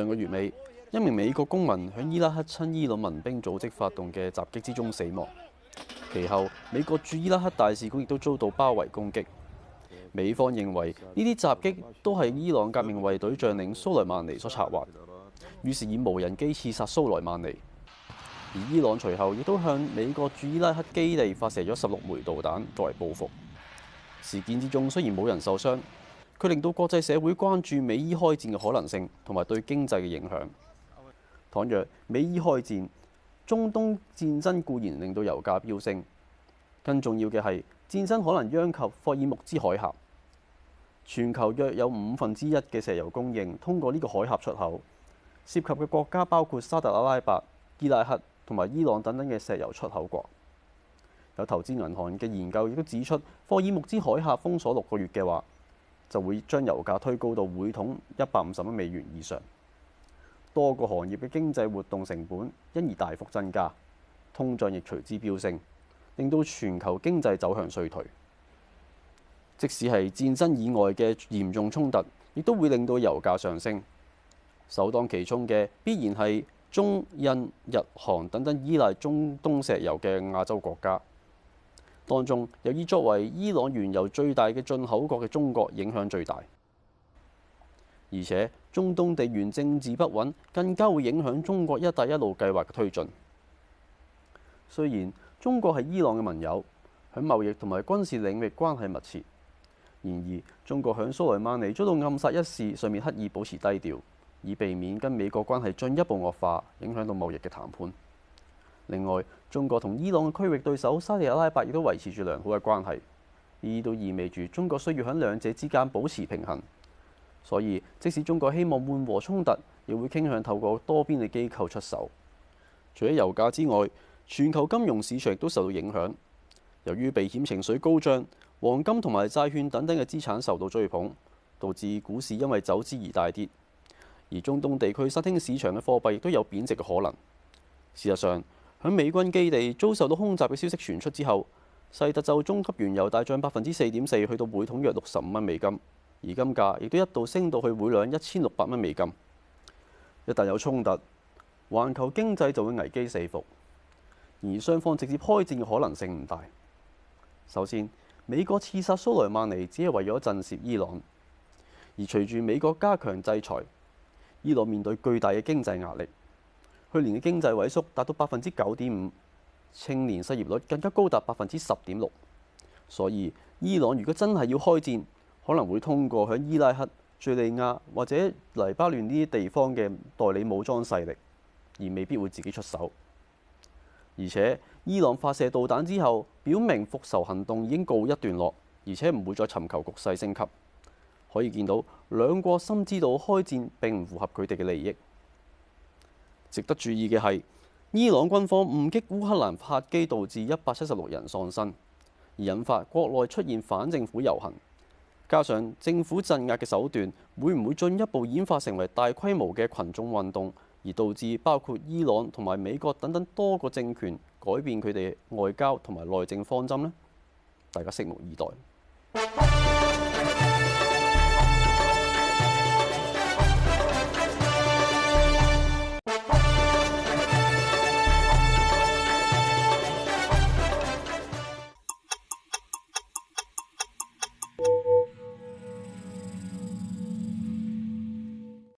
上個月尾，一名美國公民喺伊拉克親伊朗民兵組織發動嘅襲擊之中死亡。其後，美國駐伊拉克大使館亦都遭到包圍攻擊。美方認為呢啲襲擊都係伊朗革命衛隊將領蘇萊曼尼所策劃，於是以無人機刺殺蘇萊曼尼。而伊朗隨後亦都向美國駐伊拉克基地發射咗十六枚導彈作為報復。事件之中雖然冇人受傷。佢令到國際社會關注美伊開戰嘅可能性，同埋對經濟嘅影響。倘若美伊開戰，中東戰爭固然令到油價飆升，更重要嘅係戰爭可能殃及霍爾木茲海峽。全球約有五分之一嘅石油供應通過呢個海峽出口，涉及嘅國家包括沙特阿拉伯、伊拉克同埋伊朗等等嘅石油出口國。有投資銀行嘅研究亦都指出，霍爾木茲海峽封鎖六個月嘅話，就會將油價推高到匯統一百五十蚊美元以上，多個行業嘅經濟活動成本因而大幅增加，通脹亦隨之飆升，令到全球經濟走向衰退。即使係戰爭以外嘅嚴重衝突，亦都會令到油價上升，首當其衝嘅必然係中印、日韓等等依賴中東石油嘅亞洲國家。當中又以作為伊朗原油最大嘅進口國嘅中國影響最大，而且中東地緣政治不穩更加會影響中國一帶一路計劃嘅推進。雖然中國係伊朗嘅盟友，喺貿易同埋軍事領域關係密切，然而中國喺蘇萊曼尼遭到暗殺一事上面刻意保持低調，以避免跟美國關係進一步惡化，影響到貿易嘅談判。另外，中國同伊朗嘅區域對手沙特阿拉伯亦都維持住良好嘅關係，呢都意味住中國需要喺兩者之間保持平衡。所以，即使中國希望緩和衝突，亦會傾向透過多邊嘅機構出手。除咗油價之外，全球金融市場亦都受到影響。由於避險情緒高漲，黃金同埋債券等等嘅資產受到追捧，導致股市因為走資而大跌。而中東地區新興市場嘅貨幣亦都有貶值嘅可能。事實上，喺美軍基地遭受到空襲嘅消息傳出之後，西德州中級原油大漲百分之四點四，去到每桶約六十五蚊美金，而金價亦都一度升到去每兩一千六百蚊美金。一旦有衝突，環球經濟就會危機四伏，而雙方直接開戰嘅可能性唔大。首先，美國刺殺蘇萊曼尼只係為咗震懾伊朗，而隨住美國加強制裁，伊朗面對巨大嘅經濟壓力。去年嘅經濟萎縮達到百分之九點五，青年失業率更加高達百分之十點六。所以伊朗如果真係要開戰，可能會通過喺伊拉克、敘利亞或者黎巴嫩呢啲地方嘅代理武裝勢力，而未必會自己出手。而且伊朗發射導彈之後，表明復仇行動已經告一段落，而且唔會再尋求局勢升級。可以見到兩國深知道開戰並唔符合佢哋嘅利益。值得注意嘅係伊朗軍方誤擊烏克蘭客機，導致一百七十六人喪生，而引發國內出現反政府遊行。加上政府鎮壓嘅手段，會唔會進一步演化成為大規模嘅群眾運動，而導致包括伊朗同埋美國等等多個政權改變佢哋外交同埋內政方針呢？大家拭目以待。